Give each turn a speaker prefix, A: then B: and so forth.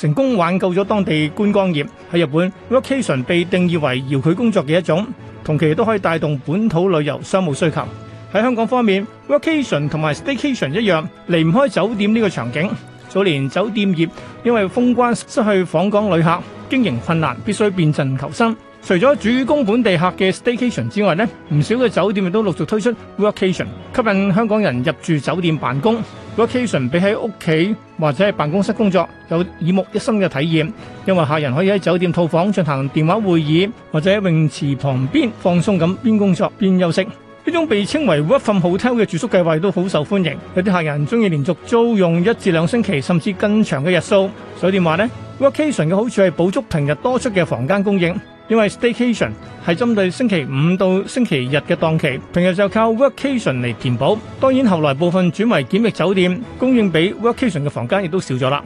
A: 成功挽救咗當地觀光業。喺日本，workcation 被定義為遙距工作嘅一種，同期都可以帶動本土旅遊商務需求。喺香港方面，workcation 同埋 staycation 一樣，離唔開酒店呢個場景。早年酒店業因為封關失去訪港旅客，經營困難，必須變陣求生。除咗主攻本地客嘅 staycation 之外呢唔少嘅酒店亦都陸續推出 workation 吸引香港人入住酒店辦公。workation 比喺屋企或者係辦公室工作有耳目一新嘅體驗，因為客人可以喺酒店套房進行電話會議，或者喺泳池旁邊放鬆咁邊工作邊休息。呢種被稱為 work from hotel 嘅住宿計劃都好受歡迎，有啲客人中意連續租用一至兩星期，甚至更長嘅日數。酒店話呢，呢 workation 嘅好處係補足平日多出嘅房間供應。因為 staycation 係針對星期五到星期日嘅檔期，平日就靠 workcation 嚟填補。當然後來部分轉為檢疫酒店，供應俾 workcation 嘅房間亦都少咗啦。